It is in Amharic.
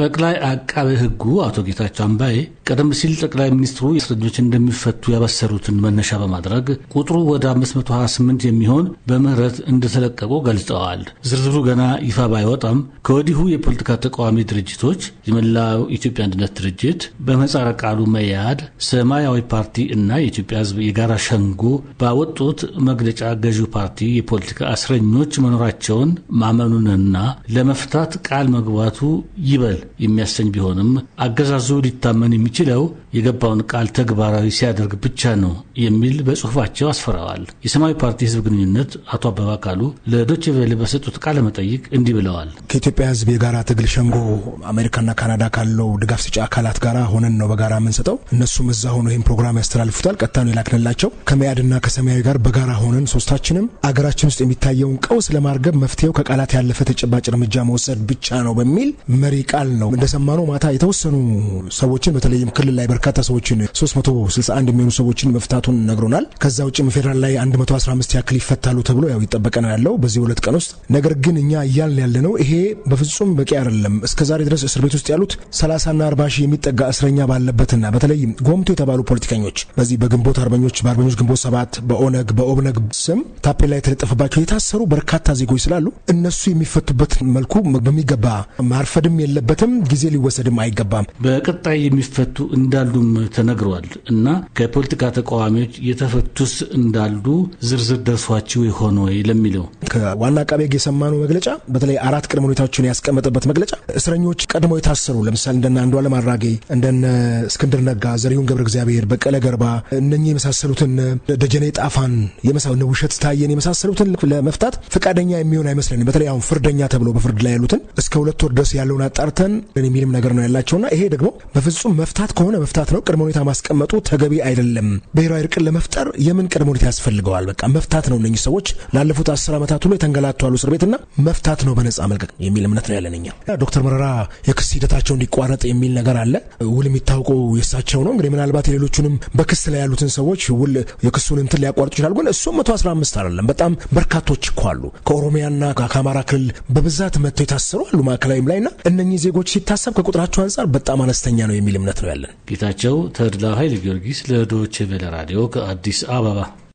ጠቅላይ አቃቤ ሕጉ አቶ ጌታቸው አምባዬ ቀደም ሲል ጠቅላይ ሚኒስትሩ እስረኞች እንደሚፈቱ ያበሰሩትን መነሻ በማድረግ ቁጥሩ ወደ 528 የሚሆን በምህረት እንደተለቀቁ ገልጸዋል። ዝርዝሩ ገና ይፋ ባይወጣም ከወዲሁ የፖለቲካ ተቃዋሚ ድርጅቶች የመላው ኢትዮጵያ አንድነት ድርጅት በመጻረ ቃሉ መያድ፣ ሰማያዊ ፓርቲ እና የኢትዮጵያ ሕዝብ የጋራ ሸንጎ ባወጡት መግለጫ ገዢው ፓርቲ የፖለቲካ እስረኞች መኖራቸውን ማመኑንና ለመፍታት ቃል መግባቱ ይበል የሚያሰኝ ቢሆንም አገዛዙ ሊታመን የሚችለው የገባውን ቃል ተግባራዊ ሲያደርግ ብቻ ነው የሚል በጽሁፋቸው አስፈራዋል። የሰማያዊ ፓርቲ ህዝብ ግንኙነት አቶ አበባ ካሉ ለዶችቬሌ በሰጡት ቃለ መጠይቅ እንዲህ ብለዋል። ከኢትዮጵያ ህዝብ የጋራ ትግል ሸንጎ አሜሪካና ካናዳ ካለው ድጋፍ ሰጪ አካላት ጋር ሆነን ነው በጋራ የምንሰጠው። እነሱም እዛ ሆኖ ይህን ፕሮግራም ያስተላልፉታል። ቀጥታ ነው የላክንላቸው። ከመያድና ከሰማያዊ ጋር በጋራ ሆነን ሶስታችንም አገራችን ውስጥ የሚታየውን ቀውስ ለማርገብ መፍትሄው ከቃላት ያለፈ ተጨባጭ እርምጃ መውሰድ ብቻ ነው በሚል መሪ ቃል ነው። እንደሰማነው ማታ የተወሰኑ ሰዎችን በተለይም ክልል ላይ በርካታ ሰዎችን 361 የሚሆኑ ሰዎችን መፍታቱን ነግሮናል። ከዛ ውጭም ፌዴራል ላይ 115 ያክል ይፈታሉ ተብሎ ያው ይጠበቀና ያለው በዚህ ሁለት ቀን ውስጥ ነገር ግን እኛ እያልን ያለ ነው ይሄ በፍጹም በቂ አይደለም። እስከ ዛሬ ድረስ እስር ቤት ውስጥ ያሉት 30ና 40 ሺህ የሚጠጋ እስረኛ ባለበትና በተለይም ጎምቶ የተባሉ ፖለቲከኞች በዚህ በግንቦት አርበኞች በአርበኞች ግንቦት ሰባት በኦነግ በኦብነግ ስም ታፔላ የተለጠፈባቸው የታሰሩ በርካታ ዜጎች ስላሉ እነሱ የሚፈቱበት መልኩ በሚገባ ማርፈድም የለበት ማለትም ጊዜ ሊወሰድም አይገባም። በቀጣይ የሚፈቱ እንዳሉም ተነግሯል እና ከፖለቲካ ተቃዋሚዎች የተፈቱስ እንዳሉ ዝርዝር ደርሷችሁ የሆነ ወይ ለሚለው ከዋና አቃቤ ሕግ የሰማነው መግለጫ በተለይ አራት ቅድመ ሁኔታዎችን ያስቀመጠበት መግለጫ እስረኞች ቀድሞ የታሰሩ ለምሳሌ እንደነ አንዱዓለም አራጌ፣ እንደነ እስክንድር ነጋ፣ ዘሪሁን ገብረ እግዚአብሔር፣ በቀለ ገርባ እነኚህ የመሳሰሉትን ደጀኔ ጣፋን ውሸት ታየን የመሳሰሉትን ለመፍታት ፈቃደኛ የሚሆን አይመስለንም። በተለይ አሁን ፍርደኛ ተብሎ በፍርድ ላይ ያሉትን እስከ ሁለት ወር ድረስ ያለውን አጣርተ መተን የሚልም ነገር ነው ያላቸውና ይሄ ደግሞ በፍጹም መፍታት ከሆነ መፍታት ነው። ቅድመ ሁኔታ ማስቀመጡ ተገቢ አይደለም። ብሔራዊ እርቅን ለመፍጠር የምን ቅድመ ሁኔታ ያስፈልገዋል? በቃ መፍታት ነው። እነኚህ ሰዎች ላለፉት አስር ዓመታት ሁሉ የተንገላቱ እስር ቤትና መፍታት ነው፣ በነጻ መልቀቅ የሚል እምነት ነው ያለንኛ። ዶክተር መረራ የክስ ሂደታቸው እንዲቋረጥ የሚል ነገር አለ። ውል የሚታወቀው የሳቸው ነው። እንግዲህ ምናልባት የሌሎቹንም በክስ ላይ ያሉትን ሰዎች ውል የክሱን እንትን ሊያቋርጡ ይችላሉ። ግን እሱም መቶ አስራ አምስት አይደለም በጣም በርካቶች እኮ አሉ። ከኦሮሚያና ከአማራ ክልል በብዛት መጥተው የታሰሩ አሉ። ማዕከላዊም ላይ ና እነኚህ ዜጎች ሲታሰብ ከቁጥራቸው አንጻር በጣም አነስተኛ ነው የሚል እምነት ነው ያለን። ጌታቸው ተድላ ኃይለ ጊዮርጊስ ለዶቼ ቬለ ራዲዮ ከአዲስ አበባ